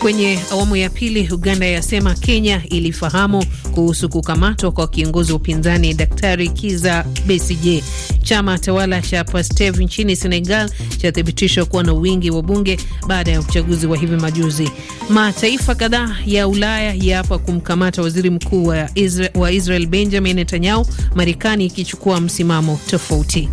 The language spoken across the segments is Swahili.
Kwenye awamu ya pili, Uganda yasema Kenya ilifahamu kuhusu kukamatwa kwa kiongozi wa upinzani Daktari Kiza Besigye. Chama tawala cha Pastef nchini Senegal chathibitishwa kuwa na wingi wa bunge baada ya uchaguzi wa hivi majuzi. Mataifa kadhaa ya Ulaya yaapa kumkamata waziri mkuu wa Israel, wa Israel Benjamin Netanyahu, Marekani ikichukua msimamo tofauti.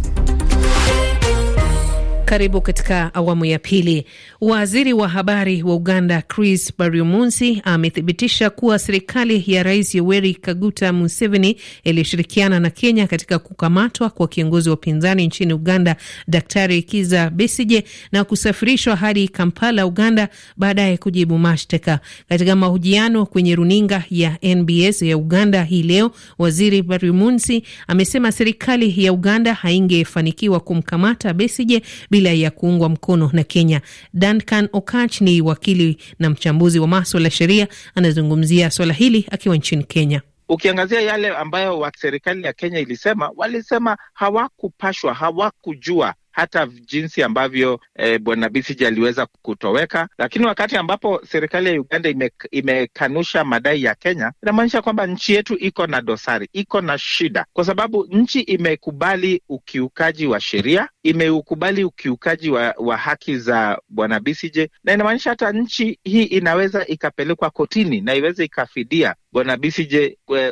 Karibu katika awamu ya pili. Waziri wa habari wa Uganda Chris Baryomunsi amethibitisha kuwa serikali ya Rais Yoweri Kaguta Museveni iliyoshirikiana na Kenya katika kukamatwa kwa kiongozi wa upinzani nchini Uganda Daktari Kiza Besije na kusafirishwa hadi Kampala, Uganda, baadaye kujibu mashtaka. Katika mahojiano kwenye runinga ya NBS ya Uganda hii leo, Waziri Baryomunsi amesema serikali ya Uganda haingefanikiwa kumkamata Besije bila ya kuungwa mkono na Kenya. Duncan Okach ni wakili na mchambuzi wa maswala ya sheria, anazungumzia swala hili akiwa nchini Kenya. Ukiangazia yale ambayo serikali ya Kenya ilisema, walisema hawakupashwa, hawakujua hata jinsi ambavyo eh, bwana Besigye aliweza kutoweka. Lakini wakati ambapo serikali ya Uganda ime, imekanusha madai ya Kenya, inamaanisha kwamba nchi yetu iko na dosari, iko na shida, kwa sababu nchi imekubali ukiukaji wa sheria, imeukubali ukiukaji wa, wa haki za bwana Besigye, na inamaanisha hata nchi hii inaweza ikapelekwa kotini na iweze ikafidia Bwana BCJ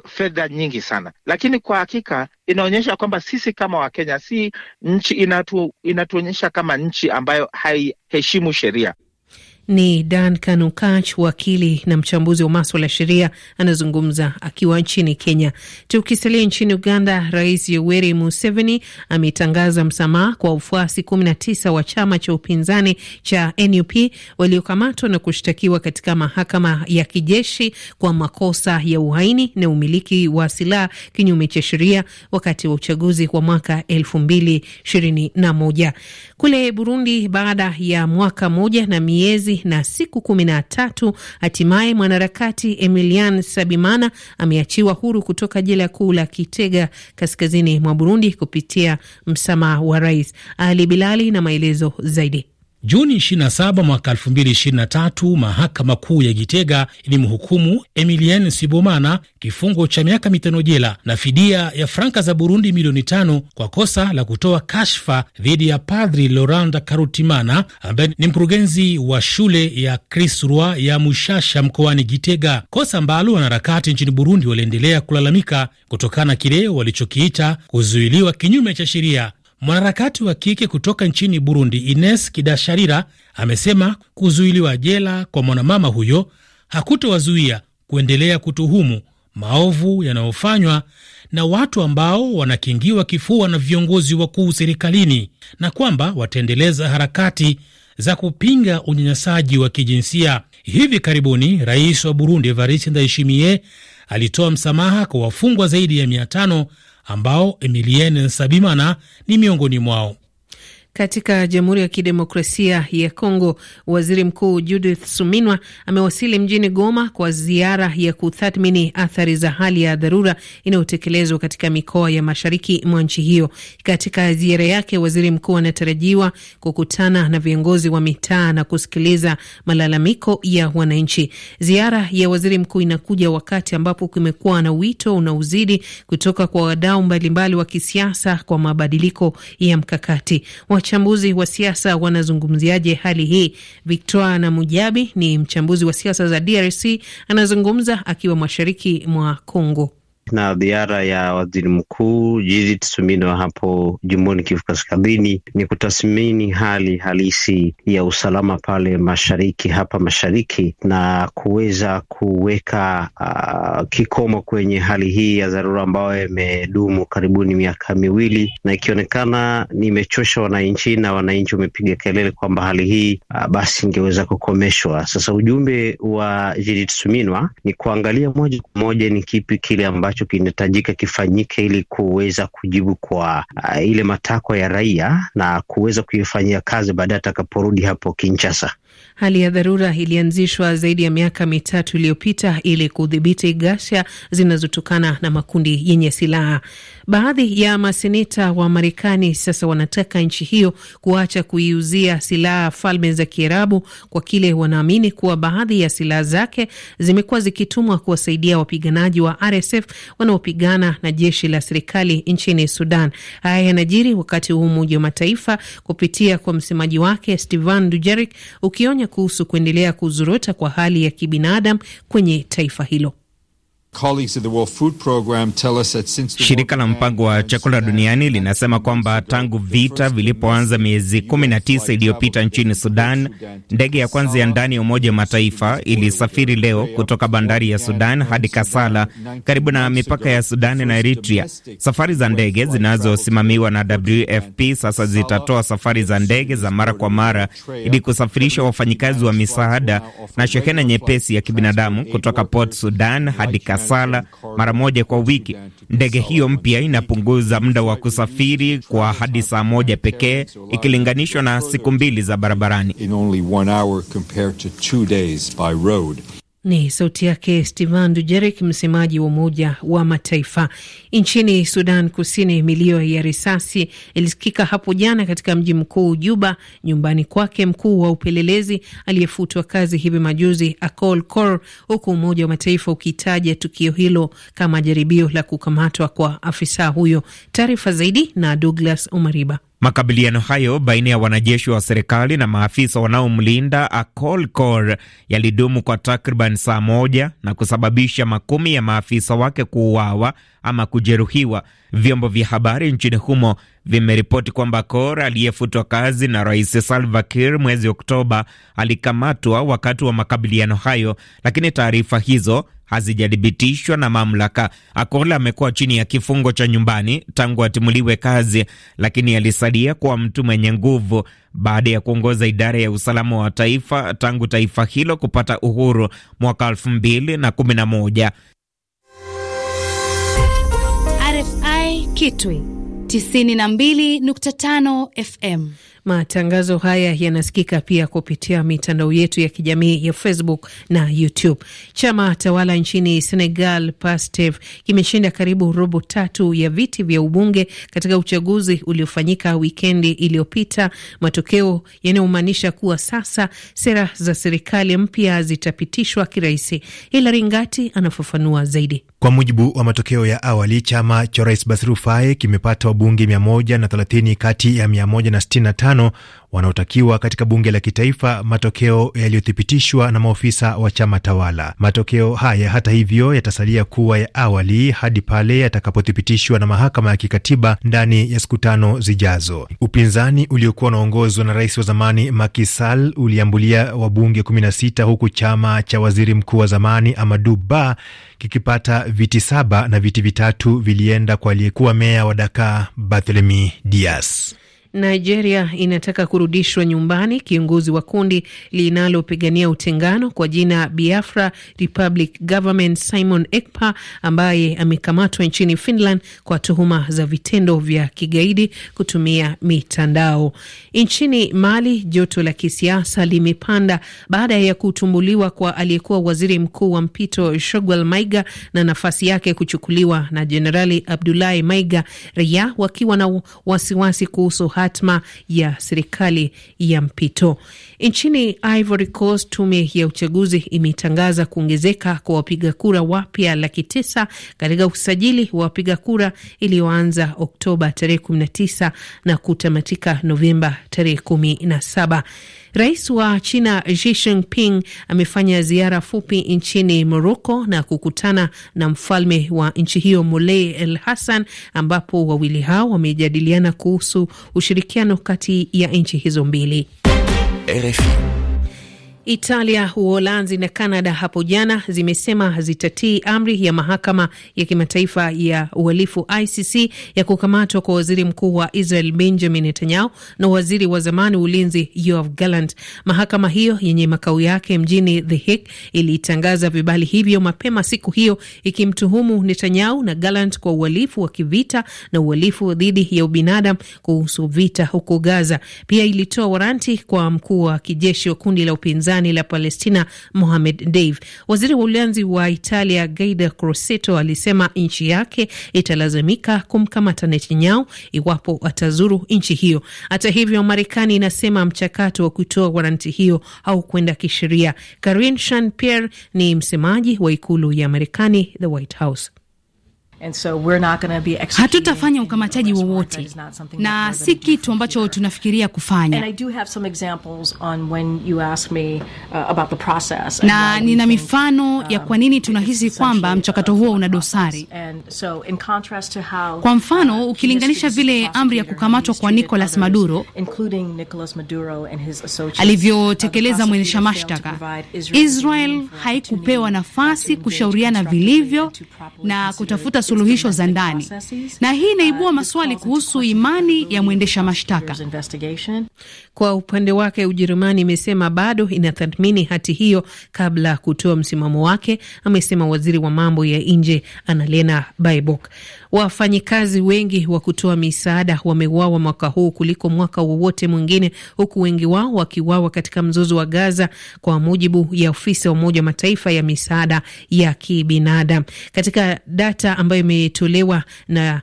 fedha nyingi sana, lakini kwa hakika inaonyesha kwamba sisi kama Wakenya si nchi inatu, inatuonyesha kama nchi ambayo haiheshimu sheria. Ni Dan Kanukach, wakili na mchambuzi wa maswala ya sheria, anazungumza akiwa nchini Kenya. Tukisalia nchini Uganda, Rais Yoweri Museveni ametangaza msamaha kwa wafuasi 19 wa chama cha upinzani cha NUP waliokamatwa na kushtakiwa katika mahakama ya kijeshi kwa makosa ya uhaini na umiliki wa silaha kinyume cha sheria wakati wa uchaguzi wa mwaka 2021. Kule Burundi, baada ya mwaka moja na miezi mbili na siku kumi na tatu. Hatimaye mwanaharakati Emilian Sabimana ameachiwa huru kutoka jela kuu la Kitega kaskazini mwa Burundi kupitia msamaha wa rais. Ali Bilali na maelezo zaidi. Juni 27 mwaka 2023, mahakama kuu ya Gitega ilimhukumu Emilien Sibomana kifungo cha miaka mitano jela na fidia ya franka za Burundi milioni tano kwa kosa la kutoa kashfa dhidi ya Padri Laurent Karutimana ambaye ni mkurugenzi wa shule ya cris Roi ya Mushasha mkoani Gitega, kosa ambalo wanaharakati nchini Burundi waliendelea kulalamika kutokana na kile walichokiita kuzuiliwa kinyume cha sheria Mwanaharakati wa kike kutoka nchini Burundi, Ines Kidasharira, amesema kuzuiliwa jela kwa mwanamama huyo hakutowazuia kuendelea kutuhumu maovu yanayofanywa na watu ambao wanakingiwa kifua na viongozi wakuu serikalini na kwamba wataendeleza harakati za kupinga unyanyasaji wa kijinsia. Hivi karibuni rais wa Burundi Evariste Ndayishimiye alitoa msamaha kwa wafungwa zaidi ya mia tano ambao Emilien Nsabimana ni miongoni mwao. Katika Jamhuri ya Kidemokrasia ya Kongo, waziri mkuu Judith Suminwa amewasili mjini Goma kwa ziara ya kutathmini athari za hali ya dharura inayotekelezwa katika mikoa ya mashariki mwa nchi hiyo. Katika ziara yake, waziri mkuu anatarajiwa kukutana na viongozi wa mitaa na kusikiliza malalamiko ya wananchi. Ziara ya waziri mkuu inakuja wakati ambapo kumekuwa na wito unaozidi kutoka kwa wadau mbalimbali wa kisiasa kwa mabadiliko ya mkakati wa wachambuzi wa siasa wanazungumziaje hali hii? Victoria na Mujabi ni mchambuzi wa siasa za DRC, anazungumza akiwa mashariki mwa congo na ziara ya waziri mkuu Judith Suminwa hapo jimboni Kivu Kaskazini ni kutathmini hali halisi ya usalama pale mashariki, hapa mashariki, na kuweza kuweka uh, kikomo kwenye hali hii ya dharura ambayo imedumu karibuni miaka miwili na ikionekana nimechosha wananchi na wananchi wamepiga kelele kwamba hali hii uh, basi ingeweza kukomeshwa. Sasa ujumbe wa Judith Suminwa ni kuangalia moja kwa moja ni kipi kile ambacho ambacho kinahitajika kifanyike ili kuweza kujibu kwa uh, ile matakwa ya raia na kuweza kuifanyia kazi baadaye atakaporudi hapo Kinshasa. Hali ya dharura ilianzishwa zaidi ya miaka mitatu iliyopita ili kudhibiti ghasia zinazotokana na makundi yenye silaha. Baadhi ya maseneta wa Marekani sasa wanataka nchi hiyo kuacha kuiuzia silaha Falme za Kiarabu kwa kile wanaamini kuwa baadhi ya silaha zake zimekuwa zikitumwa kuwasaidia wapiganaji wa RSF wanaopigana na jeshi la serikali nchini Sudan. Haya yanajiri wakati huu Umoja wa Mataifa kupitia kwa msemaji wake Stephane Dujarric uki ikionya kuhusu kuendelea kuzorota kwa hali ya kibinadamu kwenye taifa hilo. Shirika la mpango wa chakula duniani linasema kwamba tangu vita vilipoanza miezi 19 iliyopita nchini Sudan, ndege ya kwanza ya ndani ya Umoja wa Mataifa ilisafiri leo kutoka bandari ya Sudan hadi Kasala karibu na mipaka ya Sudan na Eritrea. Safari za ndege zinazosimamiwa na WFP sasa zitatoa safari za ndege za mara kwa mara ili kusafirisha wafanyikazi wa misaada na shehena nyepesi ya kibinadamu kutoka Port Sudan hadi Kasala sala mara moja kwa wiki. Ndege hiyo mpya inapunguza muda wa kusafiri kwa hadi saa moja pekee ikilinganishwa na siku mbili za barabarani. Ni sauti yake Stephane dujerik msemaji wa Umoja wa Mataifa. Nchini Sudan Kusini, milio ya risasi ilisikika hapo jana katika mji mkuu Juba, nyumbani kwake mkuu wa upelelezi aliyefutwa kazi hivi majuzi Akol Kor, huku Umoja wa Mataifa ukitaja tukio hilo kama jaribio la kukamatwa kwa afisa huyo. Taarifa zaidi na Douglas Omariba. Makabiliano hayo baina ya wanajeshi wa serikali na maafisa wanaomlinda Akol Kor yalidumu kwa takriban saa moja na kusababisha makumi ya maafisa wake kuuawa ama kujeruhiwa. Vyombo vya habari nchini humo vimeripoti kwamba Kor aliyefutwa kazi na Rais Salva Kiir mwezi Oktoba alikamatwa wakati wa makabiliano hayo, lakini taarifa hizo hazijathibitishwa na mamlaka. Akola amekuwa chini ya kifungo cha nyumbani tangu atimuliwe kazi, lakini alisalia kuwa mtu mwenye nguvu baada ya kuongoza idara ya usalama wa taifa tangu taifa hilo kupata uhuru mwaka elfu mbili 92.5 FM. Matangazo haya yanasikika pia kupitia mitandao yetu ya kijamii ya Facebook na YouTube. Chama tawala nchini Senegal, PASTEF, kimeshinda karibu robo tatu ya viti vya ubunge katika uchaguzi uliofanyika wikendi iliyopita, matokeo yanayomaanisha kuwa sasa sera za serikali mpya zitapitishwa kirahisi. Hilari Ngati anafafanua zaidi. Kwa mujibu wa matokeo ya awali, chama cha rais Basirou Faye kimepata wabu wabunge 130 kati ya 165 wanaotakiwa katika bunge la kitaifa, matokeo yaliyothibitishwa na maofisa wa chama tawala. Matokeo haya hata hivyo yatasalia kuwa ya awali hadi pale yatakapothibitishwa na mahakama ya kikatiba ndani ya siku tano zijazo. Upinzani uliokuwa unaongozwa na rais wa zamani Macky Sall uliambulia wabunge 16 huku chama cha waziri mkuu wa zamani Amadou Ba kikipata viti saba na viti vitatu vilienda kwa aliyekuwa meya wa Dakar Barthelemy Dias. Nigeria inataka kurudishwa nyumbani kiongozi wa kundi linalopigania utengano kwa jina Biafra Republic Government Simon Ekpa ambaye amekamatwa nchini Finland kwa tuhuma za vitendo vya kigaidi kutumia mitandao. Nchini Mali, joto la kisiasa limepanda baada ya kutumbuliwa kwa aliyekuwa waziri mkuu wa mpito Shogwal Maiga na nafasi yake kuchukuliwa na Jenerali Abdulahi Maiga raia wakiwa na wasiwasi kuhusu hali hatma ya serikali ya mpito. Nchini Ivory Coast, tume ya uchaguzi imetangaza kuongezeka kwa wapiga kura wapya laki tisa katika usajili wa wapiga kura iliyoanza Oktoba tarehe 19 na kutamatika Novemba tarehe 17. Rais wa China Xi Jinping amefanya ziara fupi nchini Moroko na kukutana na mfalme wa nchi hiyo mole El Hassan, ambapo wawili hao wamejadiliana kuhusu ushirikiano kati ya nchi hizo mbili. RFI. Italia, Uholanzi na Kanada hapo jana zimesema zitatii amri ya mahakama ya kimataifa ya uhalifu ICC ya kukamatwa kwa waziri mkuu wa Israel Benjamin Netanyahu na waziri wa zamani wa ulinzi Yoav Gallant. Mahakama hiyo yenye makao yake mjini The Hague ilitangaza vibali hivyo mapema siku hiyo, ikimtuhumu Netanyahu na Gallant kwa uhalifu wa kivita na uhalifu dhidi ya ubinadamu kuhusu vita huko Gaza. Pia ilitoa waranti kwa mkuu wa kijeshi wa kundi la upinzani burudani la Palestina Mohamed dave Waziri wa ulinzi wa Italia Gaida Crosetto alisema nchi yake italazimika kumkamata Netanyahu iwapo atazuru nchi hiyo. Hata hivyo, Marekani inasema mchakato wa kutoa waranti hiyo haukwenda kisheria. Karine Jean Pierre ni msemaji wa ikulu ya Marekani, the White House hatutafanya ukamataji wowote na si kitu ambacho tunafikiria kufanya. Uh, na nina mifano ya um, kwa nini tunahisi kwamba mchakato huo una dosari. kwa mfano uh, ukilinganisha vile amri ya kukamatwa kwa Nicolas Maduro, Maduro alivyotekeleza mwendesha mashtaka, Israel haikupewa nafasi kushauriana vilivyo na kutafuta suluhisho za ndani, na hii inaibua uh, maswali kuhusu imani ya mwendesha mashtaka. Kwa upande wake, Ujerumani imesema bado inathathmini hati hiyo kabla ya kutoa msimamo wake, amesema waziri wa mambo ya nje Annalena Baerbock. Wafanyikazi wengi wa kutoa misaada wameuawa mwaka huu kuliko mwaka wowote mwingine, huku wengi wao wakiuawa katika mzozo wa Gaza, kwa mujibu ya ofisi ya Umoja wa Mataifa ya misaada ya kibinadamu katika data ambayo ambayo imetolewa na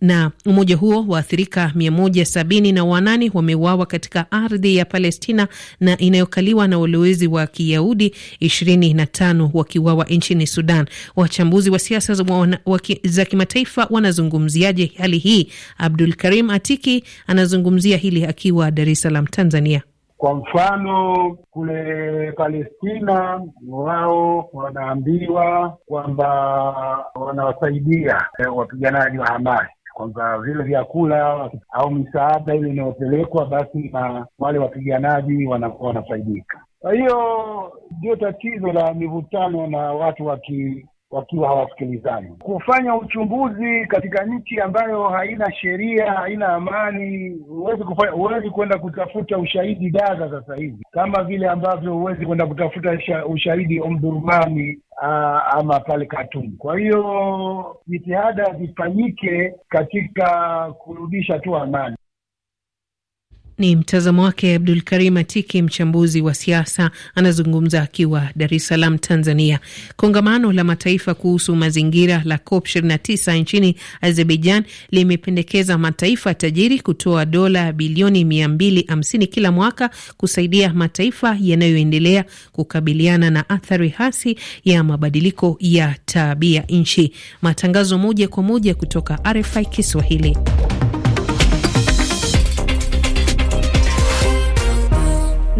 na umoja huo waathirika mia moja sabini na wanane wameuawa katika ardhi ya Palestina na inayokaliwa na walowezi wa Kiyahudi ishirini na tano wakiuawa nchini Sudan. Wachambuzi wa siasa za kimataifa wanazungumziaje hali hii? Abdul Karim Atiki anazungumzia hili akiwa Dar es Salaam, Tanzania. Kwa mfano kule Palestina, wao wanaambiwa kwamba wanawasaidia eh, wapiganaji wa Hamas kwamba vile vyakula au misaada ile inayopelekwa basi na wale wapiganaji wanakuwa wanafaidika. Kwa hiyo ndio tatizo la mivutano na watu waki wakiwa hawasikilizani, kufanya uchumbuzi katika nchi ambayo haina sheria, haina amani. Huwezi kufanya, huwezi kwenda kutafuta ushahidi Gaza sasa hivi, kama vile ambavyo huwezi kwenda kutafuta ushahidi Omdurmani ama pale Katum. Kwa hiyo jitihada zifanyike katika kurudisha tu amani. Ni mtazamo wake Abdul Karim Atiki, mchambuzi wa siasa, anazungumza akiwa Dar es Salaam, Tanzania. Kongamano la Mataifa kuhusu mazingira la COP 29 nchini Azerbaijan limependekeza mataifa tajiri kutoa dola bilioni 250 kila mwaka kusaidia mataifa yanayoendelea kukabiliana na athari hasi ya mabadiliko ya tabia nchi. Matangazo moja kwa moja kutoka RFI Kiswahili.